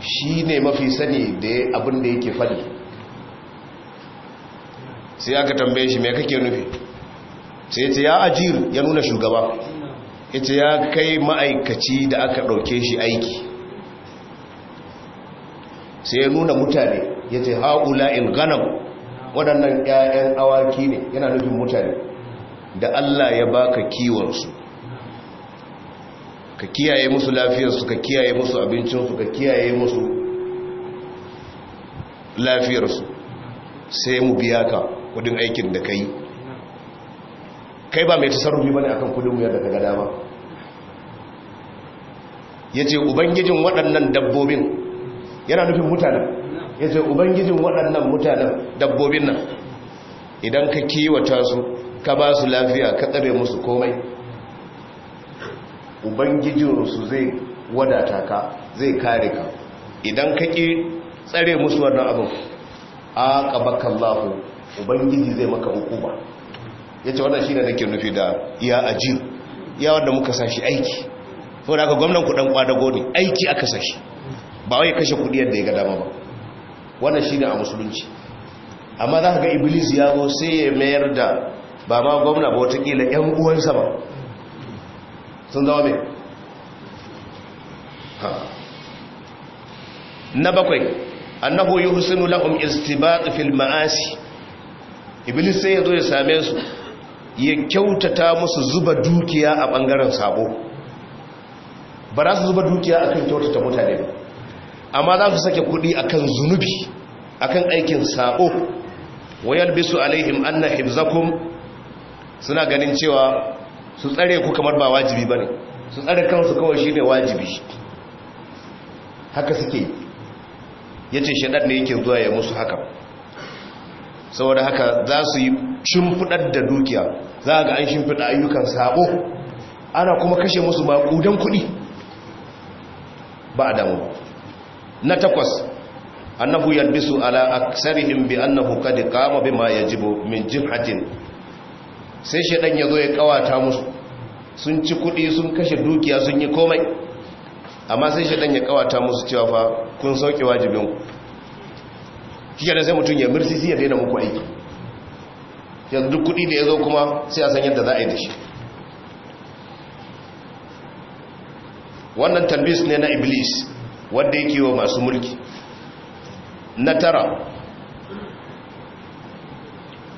shi ne mafi sani da abin da yake fadi sai aka tambaye shi me kake nufi sai ya ce ya ajiyar ya nuna shugaba ita ya kai ma'aikaci da aka ɗauke shi aiki sai ya nuna mutane ya ce haƙula in ganam waɗannan 'ya'yan awaki ne yana nufin mutane da Allah ya baka kiwonsu ka kiyaye musu lafiyarsu ka kiyaye musu abincinsu ka kiyaye musu lafiyarsu sai mu biya ka kudin aikin da ka yi kai ba mai tasarrufi ba ne akan kudin mu yadda ka gada ba ya ce ubangijin waɗannan dabbobin yana nufin mutane ya ce ubangijin waɗannan mutanen dabbobin nan idan ka kiwata su ka ba su lafiya ka tsare musu komai ubangijinsu zai wadata ka zai kare ka idan ka ƙi tsare musu wannan abin a ƙabakan lafi ubangiji zai maka hukuma ya ce wannan shi ne nake nufi da ya ajiyu ya wanda muka sashi aiki saboda aka gwamnan kudan kwadago ne aiki aka sashi ba wai kashe kudi yadda ya ga dama ba wannan shi ne a musulunci amma za ka ga iblis ya zo sai ya mayar da ba ma gwamna ba watakila 'yan uwansa ba sun zama mai na bakwai annahu husinu la'um istibat fil ma'asi iblis sai yazo ya same su ya kyautata musu zuba dukiya a bangaren sabo ba za su zuba dukiya a kan kyautata mutane ba amma za su sake kuɗi akan zunubi akan aikin sa'o, wayar bisu alaihim anna hibzakum suna ganin cewa su tsare ku kamar ba wajibi bane su tsare kansu kawai shine wajibi haka suke yace shaɗar ne yake zuwa ya musu haka saboda haka za su yi shimfidar da dukiya za a ga an shimfida ayyukan sa'o, ana kuma kashe musu maƙudan kuɗi ba a na takwas annahu yalbisu ala aksarihim bi annahu kad qama bima yajibu min jihatin sai shedan yazo ya kawata musu sun ci kudi sun kashe dukiya sun yi komai amma sai shedan ya kawata musu cewa fa kun sauke wajibin ku kike da sai mutun ya mirsi sai ya daina muku aiki yanzu duk kudi da yazo kuma sai a san yadda za a yi da shi wannan talbis ne na iblis Wadda yake wa masu mulki na tara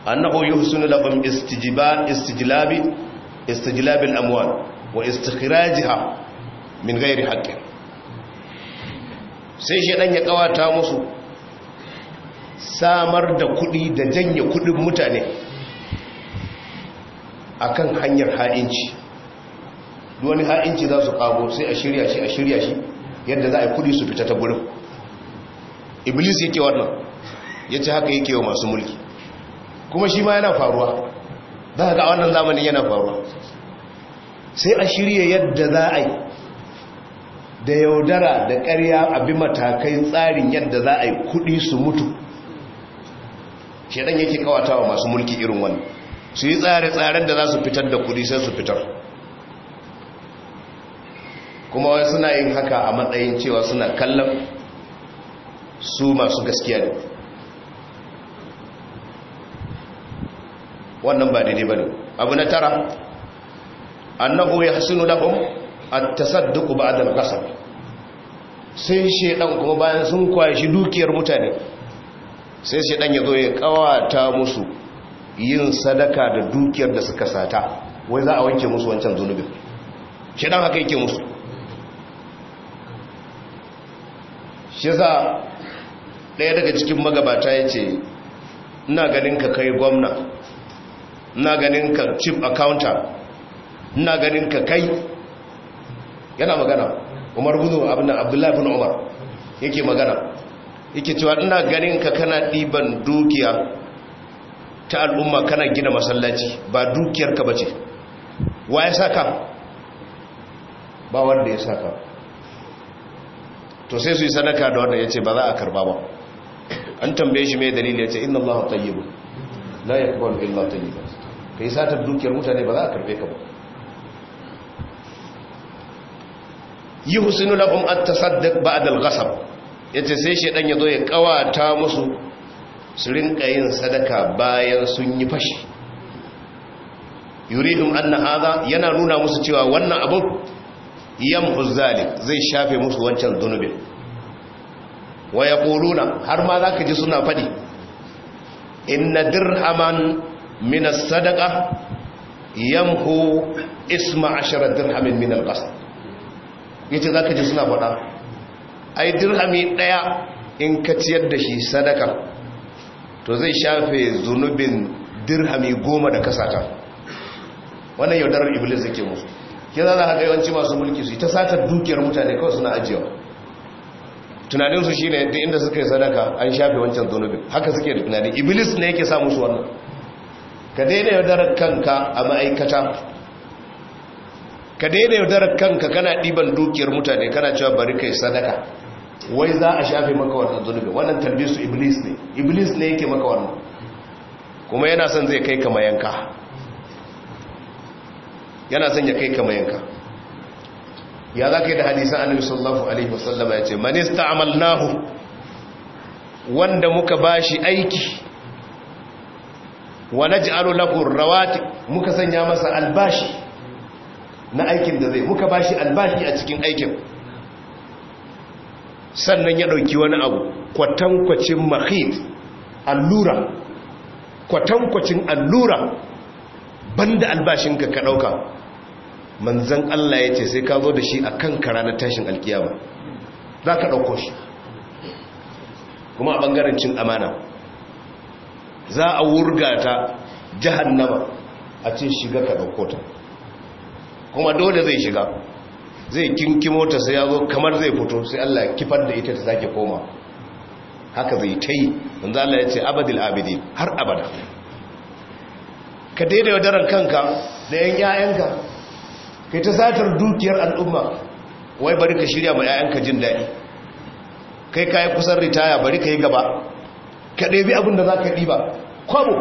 annahu yuhsinu lahum istijba istijlabi istijlabi al-amwal wa istikhrajiha min ghairi haqqin sai shedan ya kawata musu samar da kudi da janye kuɗin mutane akan hanyar ha'inci wani ha'inci za su kago sai a shirya shi a shirya shi yadda za a yi kudi su fita ta gudun. iblis yake wannan ya ce haka yake wa masu mulki kuma shi ma yana faruwa Za a ga wannan zamanin yana faruwa sai a shirya yadda za a yi da yaudara da karya a bi matakai tsarin yadda za a yi kudi su mutu shaidan yake kawata wa masu mulki irin wannan su yi tsare-tsaren da za su fitar da kudi sai su fitar kuma wani suna yin haka a matsayin cewa suna kallon su masu gaskiya ne wannan ba daidai ba ne abu na tara annabu ya hasinu lahum at-tasadduqu ba'da al-qasab sai shedan kuma bayan sun kwashi dukiyar mutane sai shedan ya zo ya kawata musu yin sadaka da dukiyar da suka sata wai za a wanke musu wancan zunubin shedan haka yake musu shi yasa ɗaya daga cikin magabata ya ce ina ganin ka kai gwamna ina ganin ka chief accountant ina ganin ka kai yana magana umar gudu abin abdullahi bin umar yake magana yake cewa ina ganin ka kana ɗiban dukiya ta al'umma kana gina masallaci ba dukiyar ba ce wa ya sa ka ba wanda ya sa ka. to sai su yi sadaka da ya ce ba za a karba ba an tambaye shi mai dalili yace inna allaha tayyibun la yaqbalu illa tayyiban kai satar dukiyar mutane ba za a karbe ka ba yi husinu lahum at-tasaddaq ba'da al-ghasab yace sai shedan yazo ya kawata musu su rinka yin sadaka bayan sun yi fashi yuridum anna hadha yana nuna musu cewa wannan abun yam uzali zai shafe musu wancan zunubin wa ya ƙoruna har ma za ka ji suna fadi inna dirhaman minas sadaka, yam hu isma 10 dirhamin min al-qasd za ka ji suna fada ai dirhami ɗaya in ka ciyar da shi sadaka to zai shafe zunubin dirhami goma da kasaka wannan yaudarar iblis yake musu ke za a ga yawanci masu mulki su ta satar dukiyar mutane kawai suna ajiyar tunaninsu shi ne duk inda suka yi sadaka an shafe wancan zunubin haka suke da tunanin. iblis ne yake samu su wannan ka daina yaudarar kanka a ma'aikata ka daina yaudarar kanka kana ɗiban dukiyar mutane kana cewa bari kai sadaka wai za a shafe maka wannan zunubin wannan talbisu iblis ne iblis ne yake maka wannan kuma yana son zai kai ka mayanka yana son ya kai yanka. ya za ka yi da hadisan annabi sallallahu alaihi wasallam ya ce manista amalnahu wanda muka bashi aiki wa naj'alu lahu rawati muka sanya masa albashi na aikin da zai muka bashi albashi a cikin aikin sannan ya dauki wani abu kwatankwacin mahid allura kwatankwacin allura banda albashinka ka dauka manzan Allah ya ce sai ka zo da shi a kan kara na tashin alkiyawa. za ka ɗauko shi kuma a ɓangaren cin amana za a wurga ta jahannama a cin shiga ka ɗauko ta kuma dole zai shiga zai kinkimo ta sai ya zo kamar zai fito sai Allah kifar da ita ta zake koma haka zai ta yi wanzu Allah ya ce abadil abidi har abada ka daidai daren kanka da 'yan 'ya'yanka kai ta satar dukiyar al'umma wai bari ka shirya ma 'ya'yanka jin daɗi kai kayi kusan ritaya bari ka yi gaba ka ɗabi abin da za ka ba kwabo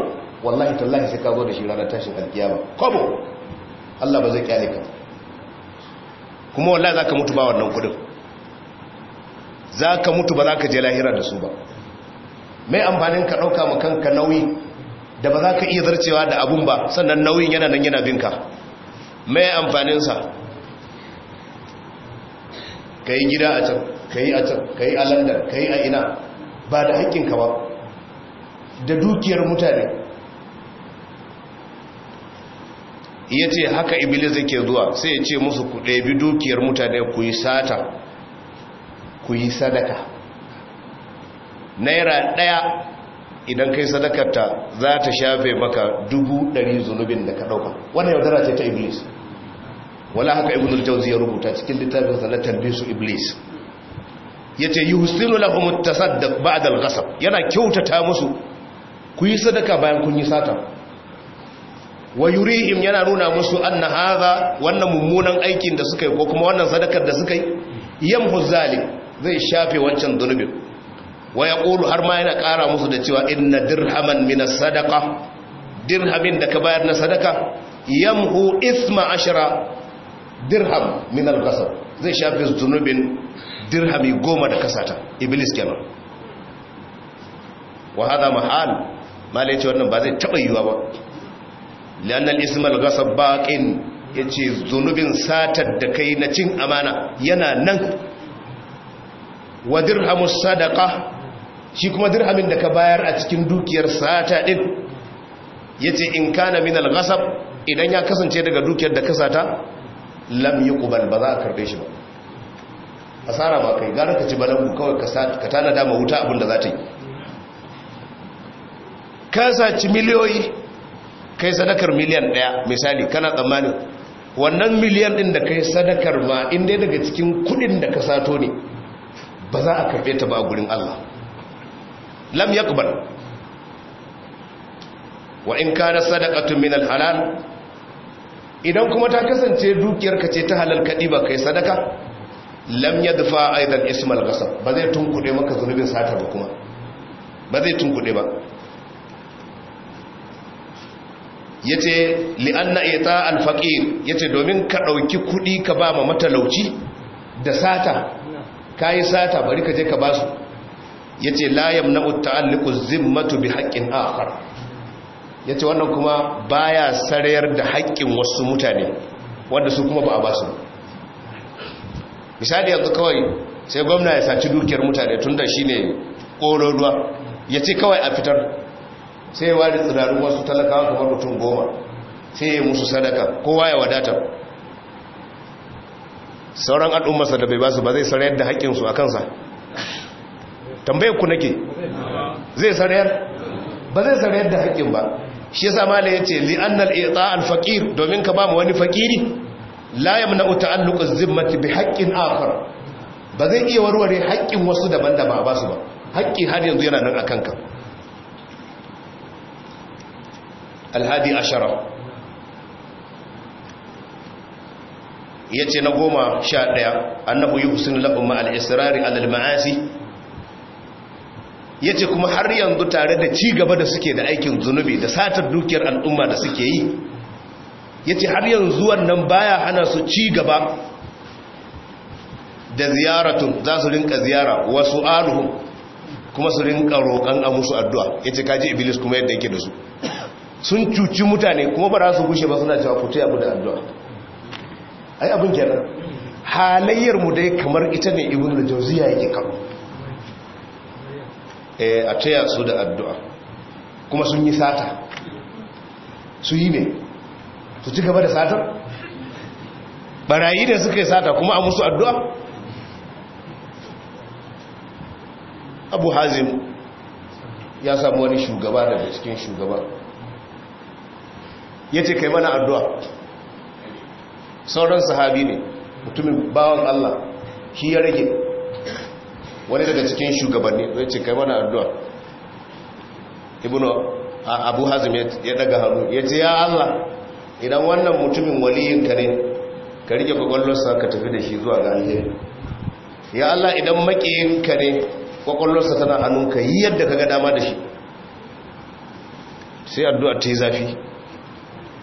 wallahi tallahi sai ka zo da shi ranar tashin ba kwabo allah ba zai kyale ka kuma wallahi za ka mutu ba wannan kudin za ka mutu ba za ka je lahira da su ba mai amfanin ka ɗauka ma kanka nauyi da ba za ka iya zarcewa da abun ba sannan nauyin yana nan yana binka mai amfaninsa ka yi gida a can ka yi a can ka yi a landar ka yi a ina ba da haƙƙinka ba da dukiyar mutane ya ce haka iblis yake zuwa sai ya ce musu ku bi dukiyar mutane ku yi sata ku yi sadaka naira ɗaya idan kai sadakarta za ta shafe maka dubu ɗari zunubin da ka ɗauka wannan yaudara ce ta iblis wala haka ibn al-jawzi ya rubuta cikin littafin sa na talbisu iblis yace yuhsinu lahum at-tasaddaq ba'da al-ghasab yana kyautata musu ku yi sadaka bayan kun yi sata wa yurihim yana nuna musu anna hadha wannan mummunan aikin da suka yi ko kuma wannan sadakar da suka yi yamhu zalim zai shafe wancan zunubin wa yaqulu har ma yana ƙara musu da cewa inna dirhaman min as-sadaqa dirhamin da ka bayar na sadaka yamhu isma ashara dirham min al zai shafe zunubin dirhami goma da kasata iblis kenan wa hada mahal malai ce wannan ba zai taba yiwa ba lannan ismal gasar baƙin ya zunubin satar da kai na cin amana yana nan wa dirhamu sadaka shi kuma dirhamin da ka bayar a cikin dukiyar sata ɗin yace in kana minal ghasab idan ya kasance daga dukiyar da kasata lam kubal ba za a karbe shi ba a tsara ba kai gara ka ci balangu kawai ka tana dama wuta abin za ta yi ka saci miliyoyi kai sadakar miliyan daya misali kana tsammanin wannan miliyan din da kai sadakar ma inda daga cikin kudin da ka sato ne ba za a karbe ta ba a gurin Allah lam kubal wa in kana sadaqatun min al-halal idan kuma ta kasance dukiyarka ce ta halal kadi ba kai sadaka lam yadfa aidan ismal ghasab ba zai tunkude maka zunubin sata ba kuma ba zai tunkude ba yace anna ita al-faqir yace domin ka dauki kudi ka ba ma matalauci da sata kai sata bari ka je ka basu yace la yamna'u ta'alluqu zimmatu bi haqqin akhar ya ce wannan kuma baya sarayar da haƙƙin wasu mutane wanda su kuma ba a basu misali yanzu kawai sai gwamna ya saci dukiyar mutane tun da shi ne ƙororuwa ya ce kawai a fitar sai ya wari tsirarun wasu talakawa kamar mutum goma sai ya musu sadaka kowa ya wadata sauran al'ummarsa da bai basu ba zai sarayar da haƙƙinsu a kansa tambayar ku nake zai sarayar ba zai sarayar da haƙƙin ba shi yasa malai yace li annal i'ta al faqir domin ka ba mu wani faƙiri. la yamna'u ta'alluq az-zimmati bi haqqin akhar ba zai iya warware haƙƙin wasu daban da ba ba su ba haƙƙi har yanzu yana nan akan ka alhadi ashara yace na goma sha ɗaya annahu yuhsinu lahum al israri alal ma'asi ya ce kuma har yanzu tare da ci gaba da suke da aikin zunubi da satar dukiyar al'umma da suke yi ya ce har yanzu wannan baya hana su ci gaba da ziyaratun za su rinka ziyara wasu aluhu kuma su rinka roƙon a musu addu'a ya ce kaji iblis kuma yadda yake da su sun cuci mutane kuma ba za su gushe ba suna cewa kutu taya da addu'a ai abin kenan halayyar mu dai kamar ita ne ibn jauziya yake karo Eh, a taya su da addu'a kuma sun yi sata su yi ne su ci gaba da satar barayi da suka yi sata kuma a musu addu'a abu hazim ya samu wani shugaba daga cikin shugaba ya ce kai mana addu'a sauran sahabi ne mutumin bawan Allah shi ya rage wani daga cikin shugabanni zai ce kai wani addu'a ibn abu hazim ya daga hannu ya ce ya Allah idan wannan mutumin waliyinka ne ka rike kwakwallonsa ka tafi da shi zuwa ga alheri ya Allah idan makiyinka ne kwakwallonsa tana hannunka yi yadda ka ga dama da shi sai addu'a ta yi zafi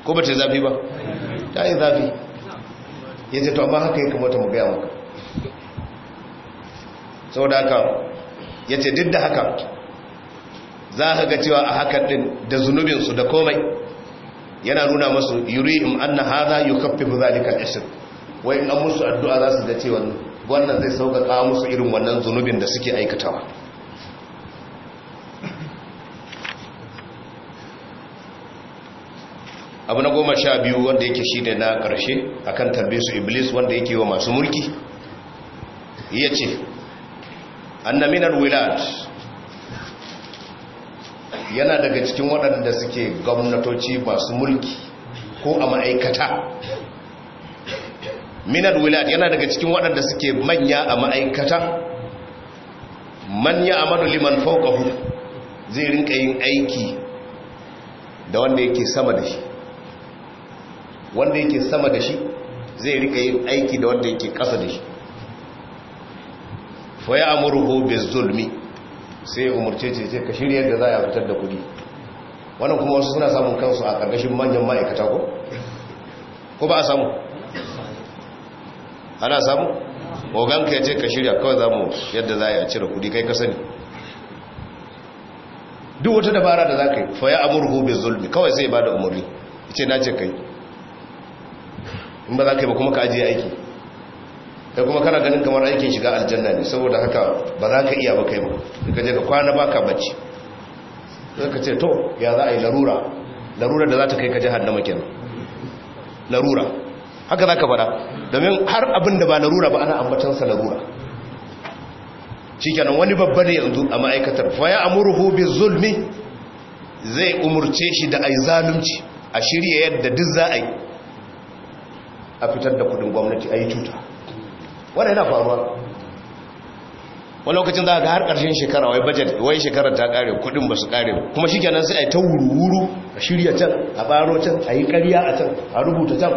ko ba ta yi zafi ba ta yi zafi ya ce to amma haka yi kamata mu gaya maka sau da haka ya ce duk da haka za ka ga cewa a haka din da su da komai yana nuna masu yuri'im anna haza yukaffifu zalika al wai an musu addu'a za su ga cewa wannan zai sauƙaƙa musu irin wannan zunubin da suke aikatawa abu na goma sha biyu wanda yake shi da na ƙarshe akan tarbe su iblis wanda yake wa masu mulki ya ce anna min alwilad yana daga cikin waɗanda suke gwamnatoci masu mulki ko a ma'aikata min alwilad yana daga cikin waɗanda suke manya a ma'aikata manya amadu liman fawqahu zai rinka yin aiki da wanda yake sama da shi wanda yake sama da shi zai rika yin aiki da wanda yake kasa da shi fa ya amurhu bizulmi sai umurce ce ce ka shirye da za a fitar da kudi wannan kuma wasu suna samun kansu a ƙarƙashin manyan ma'aikata ko ko ba a samu ana samu ogan ka ce ka shirya kawai za mu yadda za a cire kudi kai ka sani duk wata dabara da za ka yi faya amurhu bai zulmi kawai sai ba da umurni. ce na ce kai in ba za ka yi ba kuma ka ajiye aiki kai kuma kana ganin kamar aikin shiga aljanna ne saboda haka ba za ka iya ba kai ba ka je ka kwana ka bacci sai ka ce to ya za a yi larura larura da za ta kai ka jahannama kenan larura haka za ka fara domin har abin da ba larura ba ana ambatansa larura shikenan wani babba ne yanzu a ma'aikatar fa ya amurhu zulmi zai umurce shi da yi zalunci a shirya yadda duk za a yi a fitar da kudin gwamnati a yi cuta wannan yana faruwa wani lokacin za ga har ƙarshen shekara wai bajet wai shekarar ta ƙare kuɗin ba su ƙare kuma shi kenan sai a yi ta wuru-wuru a shirya can a baro can a yi ƙarya a can a rubuta can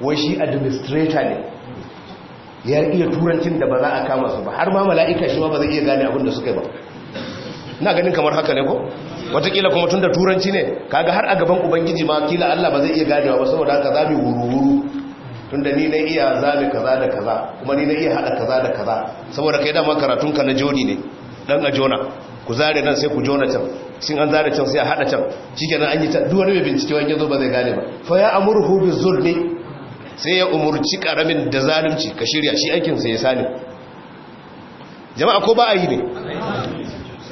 wai shi administrator ne ya iya turancin da ba za a kama su ba har ma mala'ika shi ma ba zai iya gane abin da suka yi ba na ganin kamar haka ne ko watakila kuma tun da turanci ne kaga har a gaban ubangiji ma kila allah ba zai iya ganewa ba saboda haka za mu wuru-wuru tunda ni na iya zame kaza da kaza kuma ni na iya hada kaza da kaza saboda kai dama karatun ka na jodi ne dan a jona ku zare nan sai ku jona can sun an zare can sai a hada can shikenan an yi ta duk mai bincike wani yazo ba zai gane ba fa ya amurhu ne? sai ya umurci karamin da zalunci ka shirya shi aikin sa ya sani jama'a ko ba a yi ne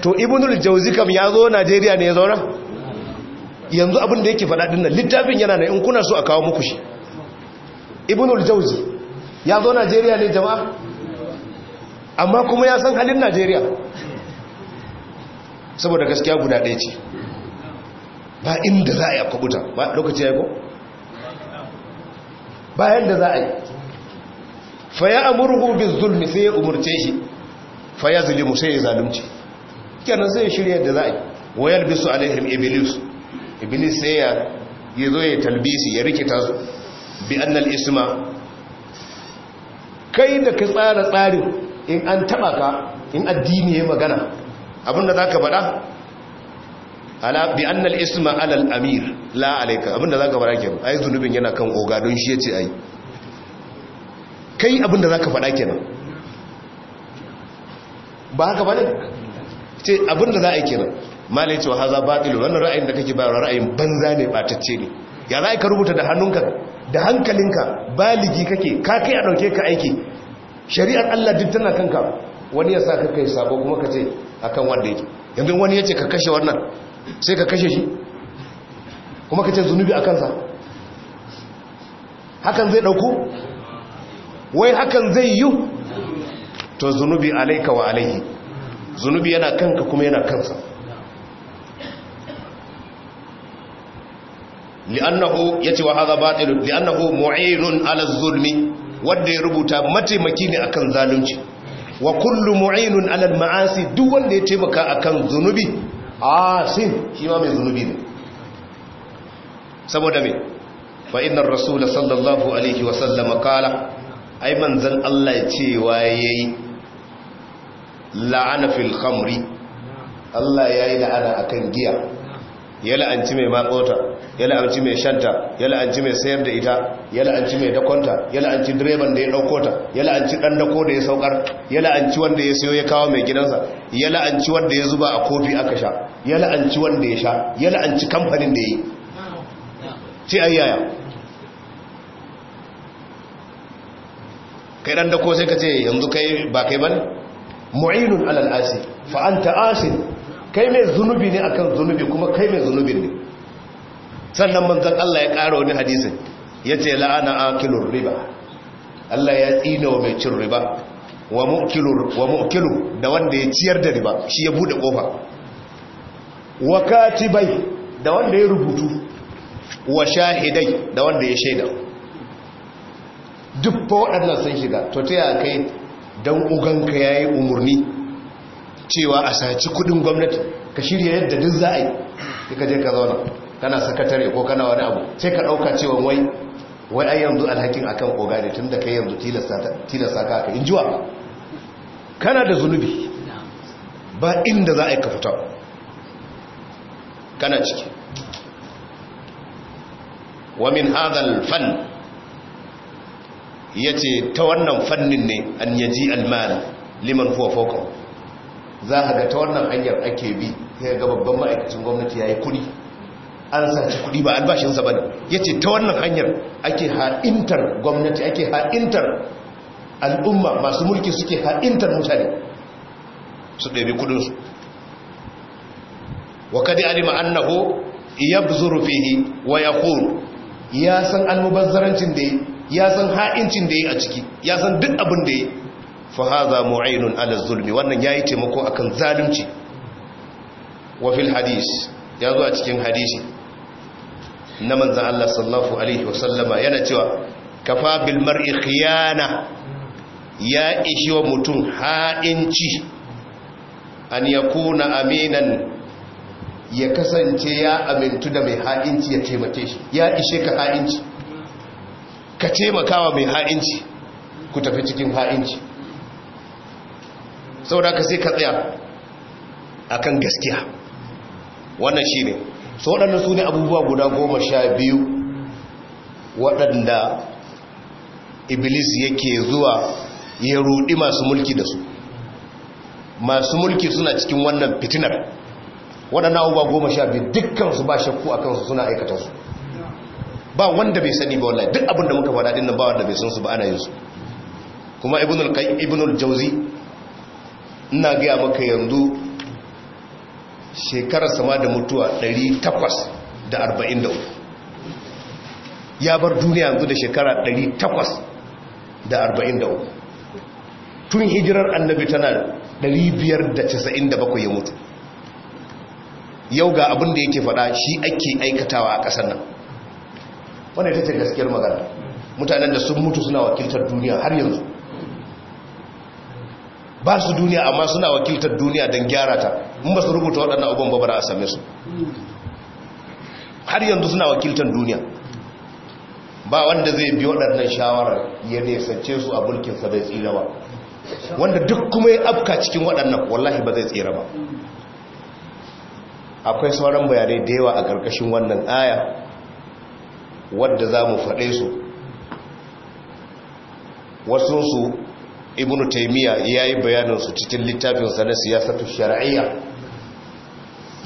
to ibnul jauzi kam ya zo najeriya ne ya zauna yanzu abin yake faɗa dinnan littafin yana ne in kuna so a kawo muku shi al-jawzi ya zo najeriya ne jama'a amma kuma ya san halin najeriya saboda gaskiya guda ɗaya ce ba inda za a yi kwabuta ba lokaci ya yi ko? bayan da za a yi faya amurhu bi zulmi sai ya umarce shi faya zulimu sai ya zalunci kenan sai ya shirya da za a yi wayar bisu alaihim iblis iblis sai ya yi zo ya talbisi ya rikita su bi annal isma kai da ka tsara tsarin in an taba ka in addini ya magana abinda za ka faɗa ala bi annal isma alal amir la alayka abinda zaka bada kenan ai zunubin yana kan oga don shi yace ai kai abinda zaka fada kenan ba haka bane ce abinda za a yi kenan malai ce wa haza batilu wannan ra'ayin da kake ba ra'ayin banza ne ba batacce ne ya za ka rubuta da hannunka da hankalinka baligi kake ka kai a ɗauke ka aiki shari'ar allah duk tana kanka wani ya sa ka kai sabo kuma ka ce kan wanda yake yanzu wani ya ce ka kashe wannan sai ka kashe shi kuma ka ce zunubi a kansa hakan zai ɗauku wai hakan zai yi to zunubi alaika wa alaihi zunubi yana kanka kuma yana kansa li'annahu yace wa hadha batil li'annahu mu'inun 'ala zulmi wadda ya rubuta mataimaki ne akan zalunci wa kullu mu'inun 'ala al-ma'asi duk wanda ya taimaka akan zunubi asin shi ma mai zunubi ne saboda me fa innar rasul sallallahu alaihi wa sallam qala ai manzon Allah ya ce waye la'ana fil khamri Allah yayi la'ana akan giya ya la'anci mai matsota ya la'anci mai shanta ya la'anci mai sayar da ita ya la'anci mai dakonta ya la'anci direban da ya dauko ta ya la'anci dan dako da ya saukar ya la'anci wanda ya sayo ya kawo mai gidansa ya la'anci wanda ya zuba a kofi aka sha ya la'anci wanda ya sha ya la'anci kamfanin da ya yi ce ayyaya kai dan dako sai ka ce yanzu kai ba kai bane mu'inun alal asi fa anta asin kai mai zunubi ne akan zunubi kuma kai mai zunubi ne sannan manzan Allah ya ƙara wani hadisin ce la'ana akilur riba Allah ya tsina wa mai cin riba wa mu'kilu da wanda ya ciyar da riba shi ya buɗe ƙofa. wa katibai da wanda ya rubutu wa shahidai da wanda ya shaida duk fa waɗannan sun shiga to ta yaya kai dan uganka yi umarni cewa a saci kudin gwamnati ka shirya yadda duk za a yi ka je ka zauna kana sakatare ko kana wani abu sai ka ɗauka cewa wai wai ai yanzu alhakin a kan ne tun da kai yanzu tilasta ka In jiwa kana da zunubi ba inda za a yi ka fita kana ciki wamin hadal fan ya ce ta wannan fannin ne an yaji almal liman huwa fokon za a ga ta wannan hanyar ake bi sai ga babban ma'aikacin gwamnati ya yi kuɗi an saci kuɗi ba albashinsa ba ne ya ce ta wannan hanyar ake ha'intar gwamnati ake ha'intar al'umma masu mulki suke ha'intar mutane su ɗabi kuɗinsu wa kadi alima annahu yabzuru fihi wa kuru ya san almubazzarancin da ya san ha'incin da ya a ciki ya san duk abin da ya fa hadha mu'inun ala zulmi wannan yayi taimako akan zalunci wa fil hadis ya zo a cikin hadisi na manzo Allah sallallahu alaihi sallama yana cewa kafa bil mar'i khiyana ya ishi wa mutum ha'inci an yakuna aminan ya kasance ya amintu da mai ha'inci ya taimake shi ya ishe ka ha'inci ka taimakawa mai ha'inci ku tafi cikin ha'inci saboda ka sai ka tsaya akan gaskiya wannan shi ne so waɗannan su ne abubuwa guda goma sha biyu waɗanda iblis yake zuwa ya rudi masu mulki da su masu mulki suna cikin wannan fitinar waɗannan abubuwa goma sha biyu su ba shakku a kansu suna aikata su ba wanda bai sani ba wallahi duk abin da muka faɗa dinnan ba wanda bai san su ba ana yin su kuma ibnul qayyim ibnul jawzi ina gaya maka yanzu shekarar sama da mutuwa 843 ya bar duniya yanzu da shekara 843 tun hijirar annabi tana 597 ya mutu yau ga abin da yake fada shi ake aikatawa a ƙasar nan wanda ita ce gaskiyar magana mutanen da sun mutu suna wakiltar duniya har yanzu ba su duniya amma suna wakiltar duniya don gyara ta in ba su rubuta waɗannan abubuwan babara a same su har yanzu suna wakiltar duniya ba wanda zai bi waɗannan shawarar ya nesance su a sa zai tsira ba wanda duk kuma ya afka cikin waɗannan wallahi ba zai tsira ba akwai sauran bayanai da yawa a ƙarƙashin wannan aya wadda za mu faɗe su wasu su. ibn taymiya yayi bayanin su cikin littafin sa na siyasatu shar'iyya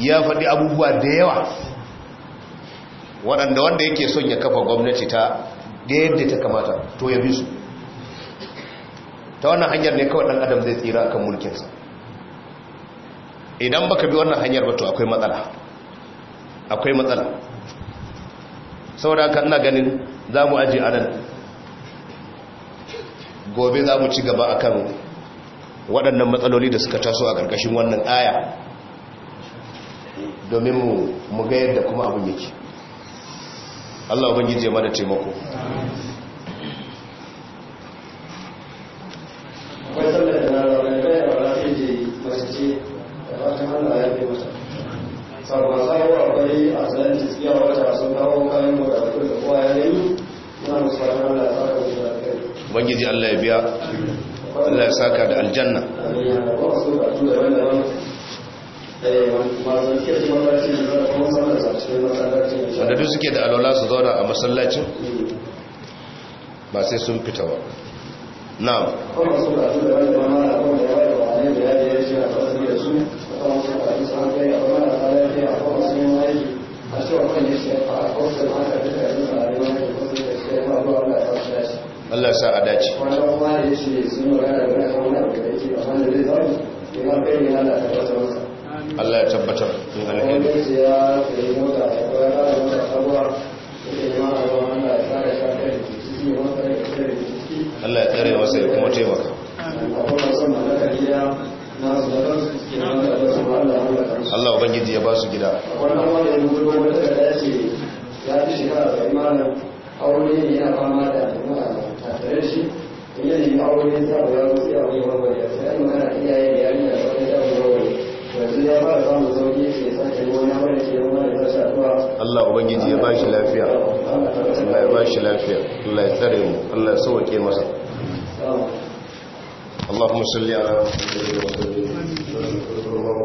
ya faɗi abubuwa da yawa waɗanda wanda yake son ya kafa gwamnati ta da yadda ta kamata to ya bi su ta wannan hanyar ne kawai ɗan adam zai tsira akan sa. idan baka bi wannan hanyar ba to akwai matsala akwai matsala saboda haka ina ganin za mu aji anan gobe za mu ci gaba a kan waɗannan matsaloli da suka taso a ƙarƙashin wannan aya domin mu ga yadda kuma abin yake Allah ubangiji ya na taimako ubangiji Allah ya biya Allah ya saka da aljanna wanda duk suke da alola su zauna a masallacin ba sai sun fita ba na'am a Allah sa a dace Allah ya tabbatar in alheri Allah ya tsare wasa ya kuma taimaka Allah ubangiji ya ba su gida